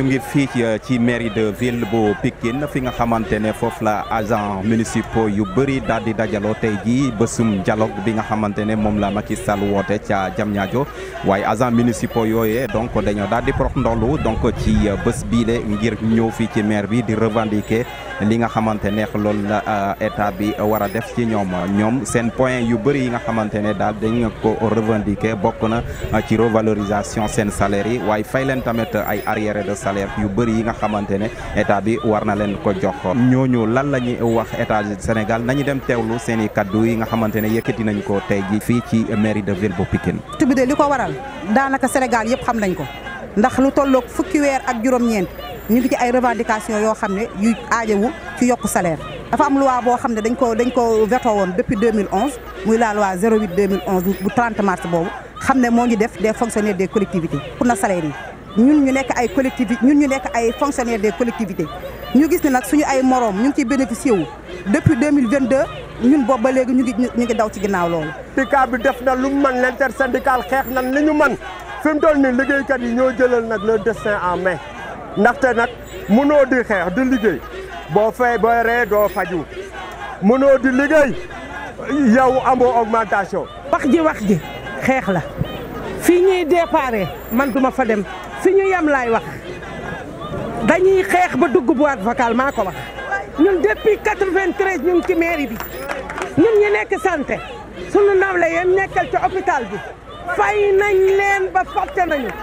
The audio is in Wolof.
ñu ngi fii euh, ci mairie de ville bu Pikine fi nga xamante ne foofu la agent municipaux yu bëri daal di dajaloo tey jii bésum dialogue bi nga xamante ne moom la Macky Sall woote ca Diamniadio waaye agent municipaux yooye donc dañoo daal di prox ndollu donc ci euh, bés bii de ngir ñëw fii ci maire bi di revendiquer li nga xamante ne loolu la euh, état bi war a def ci ñoom ñoom seen point yu bëri yi nga xamante ne daal dañ ko revendiquer bokk na ci revalorisation seen salaire yi waaye salaire yu bëri yi nga xamante ne état bi war na leen ko jox ñooñu lan la ñuy wax état du Sénégal nañu dem teewlu seen i kaddu yi nga xamante ne yëkkati nañ ko tey ji fii ci mairie de ville bu Pikine tubi de li ko waral daanaka Sénégal yëpp xam nañ ko ndax lu tolloog fukki weer ak juróom-ñeent ñu ngi ci ay revendication yoo xam ne yu aajawu ci yokku salaire dafa am loi boo xam ne dañ ko dañ ko veto woon depuis 2011 muy la loi 08 2011 bu 30 mars boobu xam ne moo ñu def des fonctionnaires des collectivités pour na ñun ñu nekk ay collectivités ñun ñu nekk ay fonctionnaires des collectivités ñu gis ne nag suñu ay moroom ñu ngi ciy bénéficié wu depuis 2022 ñun boobu ba léegi ñu ngi ñu ngi daw ci ginnaaw loolu. syndicat bi def na lu mu mën l'intersyndical xeex nan li ñu man fi mu toll nii liggéeykat yi ñoo jëlal nag le destin en main ndaxte nag noo di xeex di liggéey boo fay boo ree doo faju mënoo di liggéey yow amoo augmentation. wax ji wax ji xeex la fii ñuy déparé man duma fa dem. fi ñu yem laay wax dañuy xeex ba dugg boîte vocale maa ko wax ñun depuis 93 ñu ngi ci mairie bi ñun ñu nekk santé sunu nawle yéen nekkal ci hôpital bi fay nañ leen ba fàtte nañu